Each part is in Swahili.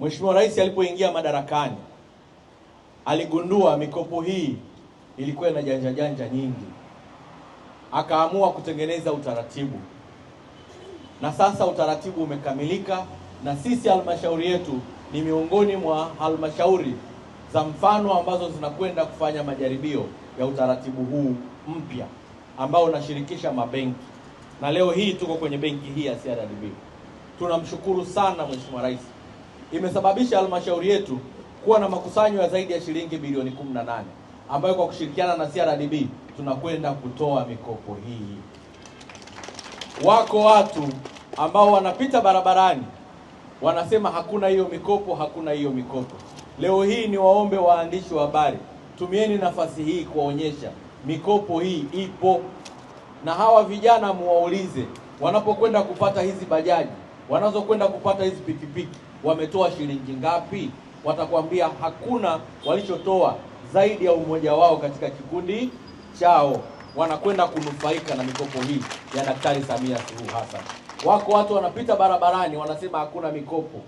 Mheshimiwa Rais alipoingia madarakani aligundua mikopo hii ilikuwa na janja janja nyingi, akaamua kutengeneza utaratibu, na sasa utaratibu umekamilika, na sisi halmashauri yetu ni miongoni mwa halmashauri za mfano ambazo zinakwenda kufanya majaribio ya utaratibu huu mpya ambao unashirikisha mabenki, na leo hii tuko kwenye benki hii ya CRDB. Tunamshukuru sana Mheshimiwa Rais imesababisha halmashauri yetu kuwa na makusanyo ya zaidi ya shilingi bilioni 18 ambayo kwa kushirikiana na CRDB tunakwenda kutoa mikopo hii. Wako watu ambao wanapita barabarani wanasema hakuna hiyo mikopo, hakuna hiyo mikopo. Leo hii ni waombe waandishi wa habari, tumieni nafasi hii kuwaonyesha mikopo hii ipo, na hawa vijana muwaulize wanapokwenda kupata hizi bajaji, wanazokwenda kupata hizi pikipiki wametoa shilingi ngapi? Watakwambia hakuna walichotoa zaidi ya umoja wao katika kikundi chao. Wanakwenda kunufaika na mikopo hii ya Daktari Samia Suluhu Hassan. Wako watu wanapita barabarani wanasema hakuna mikopo,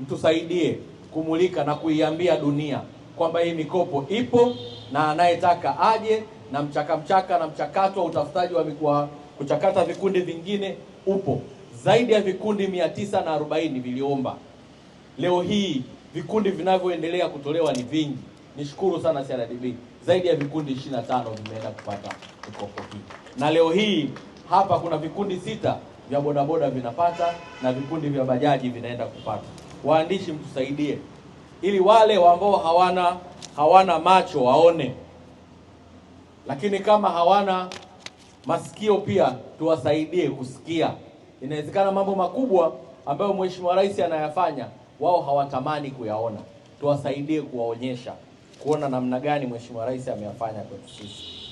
mtusaidie kumulika na kuiambia dunia kwamba hii mikopo ipo na anayetaka aje na mchakamchaka na mchakato wa utafutaji wa mikoa kuchakata vikundi vingine upo. Zaidi ya vikundi mia tisa na arobaini viliomba Leo hii vikundi vinavyoendelea kutolewa ni vingi. Nishukuru sana CRDB, zaidi ya vikundi 25 vimeenda kupata mikopo hii, na leo hii hapa kuna vikundi sita vya bodaboda vinapata na vikundi vya bajaji vinaenda kupata. Waandishi, mtusaidie ili wale ambao hawana hawana macho waone, lakini kama hawana masikio pia tuwasaidie kusikia. Inawezekana mambo makubwa ambayo Mheshimiwa Rais anayafanya wao hawatamani kuyaona, tuwasaidie kuwaonyesha, kuona namna gani Mheshimiwa Rais ameyafanya kwetu sisi.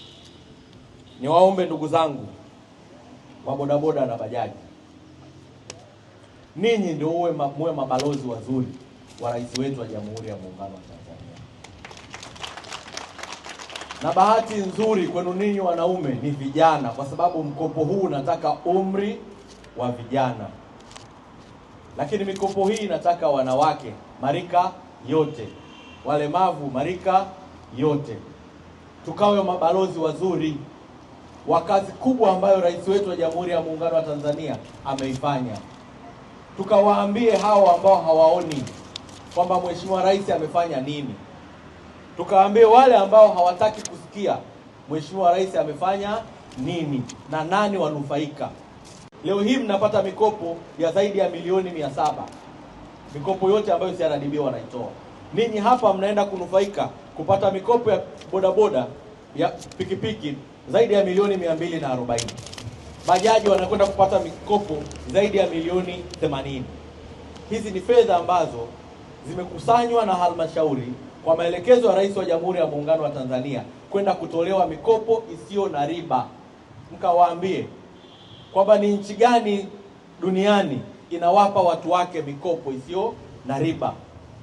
Niwaombe ndugu zangu wa bodaboda na bajaji, ninyi ndio uwe muwe mabalozi wazuri wa rais wetu wa Jamhuri ya Muungano wa Tanzania. Na bahati nzuri kwenu ninyi wanaume ni vijana, kwa sababu mkopo huu unataka umri wa vijana. Lakini mikopo hii inataka wanawake marika yote, walemavu marika yote, tukawe mabalozi wazuri wa kazi kubwa ambayo rais wetu wa Jamhuri ya Muungano wa Tanzania ameifanya. Tukawaambie hao ambao hawaoni kwamba Mheshimiwa Rais amefanya nini, tukawaambie wale ambao hawataki kusikia Mheshimiwa Rais amefanya nini na nani wanufaika. Leo hii mnapata mikopo ya zaidi ya milioni mia saba mikopo yote ambayo CRDB wanaitoa. Ninyi hapa mnaenda kunufaika kupata mikopo ya bodaboda ya pikipiki zaidi ya milioni mia mbili na arobaini. Bajaji wanakwenda kupata mikopo zaidi ya milioni themanini. Hizi ni fedha ambazo zimekusanywa na halmashauri kwa maelekezo ya Rais wa Jamhuri ya Muungano wa Tanzania kwenda kutolewa mikopo isiyo na riba. Mkawaambie kwamba ni nchi gani duniani inawapa watu wake mikopo isiyo na riba,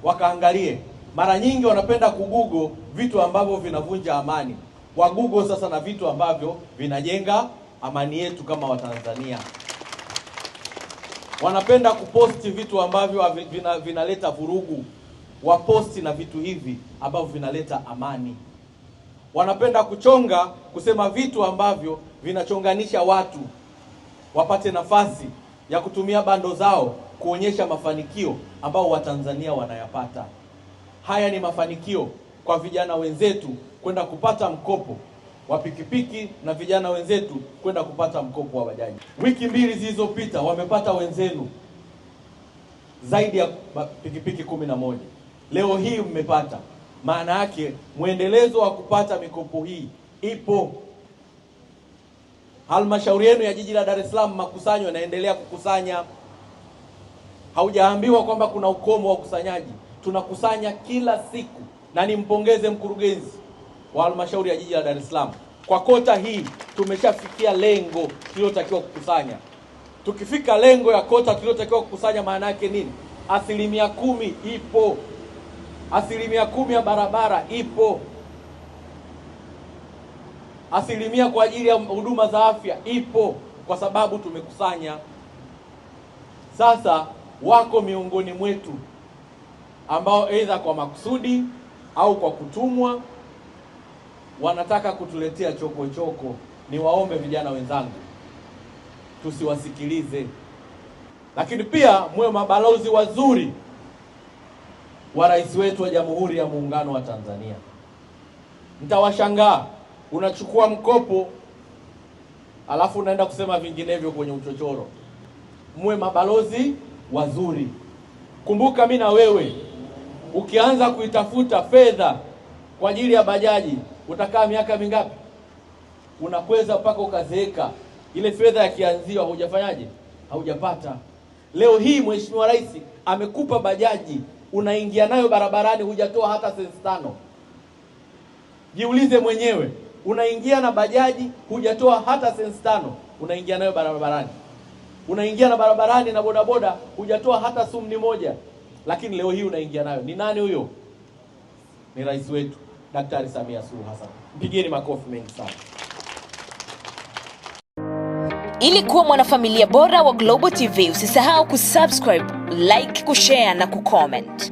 wakaangalie. Mara nyingi wanapenda kugugo vitu ambavyo vinavunja amani, wagugo sasa na vitu ambavyo vinajenga amani yetu kama Watanzania. Wanapenda kuposti vitu ambavyo vina, vinaleta vurugu, waposti na vitu hivi ambavyo vinaleta amani. Wanapenda kuchonga kusema vitu ambavyo vinachonganisha watu wapate nafasi ya kutumia bando zao kuonyesha mafanikio ambao Watanzania wanayapata. Haya ni mafanikio kwa vijana wenzetu kwenda kupata mkopo wa pikipiki na vijana wenzetu kwenda kupata mkopo wa bajaji. Wiki mbili zilizopita wamepata wenzenu zaidi ya pikipiki kumi na moja. Leo hii mmepata, maana yake mwendelezo wa kupata mikopo hii ipo halmashauri yenu ya jiji la Dar es Salaam makusanyo yanaendelea kukusanya. Haujaambiwa kwamba kuna ukomo wa ukusanyaji, tunakusanya kila siku, na nimpongeze mkurugenzi wa halmashauri ya jiji la Dar es Salaam kwa kota hii tumeshafikia lengo tuliyotakiwa kukusanya. Tukifika lengo ya kota tuliotakiwa kukusanya, maana yake nini? Asilimia kumi ipo, asilimia kumi ya barabara ipo Asilimia kwa ajili ya huduma za afya ipo kwa sababu tumekusanya. Sasa wako miongoni mwetu ambao aidha kwa makusudi au kwa kutumwa wanataka kutuletea chokochoko choko. Niwaombe vijana wenzangu tusiwasikilize, lakini pia muwe mabalozi wazuri wa rais wetu wa Jamhuri ya Muungano wa Tanzania. Mtawashangaa unachukua mkopo alafu unaenda kusema vinginevyo kwenye uchochoro. Muwe mabalozi wazuri. Kumbuka mi na wewe, ukianza kuitafuta fedha kwa ajili ya bajaji utakaa miaka mingapi? Unakweza mpaka ukazeeka, ile fedha ya kianzio haujafanyaje? Haujapata. Leo hii Mheshimiwa Rais amekupa bajaji, unaingia nayo barabarani, hujatoa hata sensi tano. Jiulize mwenyewe unaingia na bajaji, hujatoa hata sens tano, unaingia nayo barabarani, unaingia na barabarani na bodaboda, hujatoa hata sumni moja, lakini leo hii unaingia nayo. Ni nani huyo? Ni rais wetu Daktari Samia Suluhu Hassan. Mpigieni makofi mengi sana. Ili kuwa mwanafamilia bora wa Global TV, usisahau kusubscribe, like, kushare na kucomment.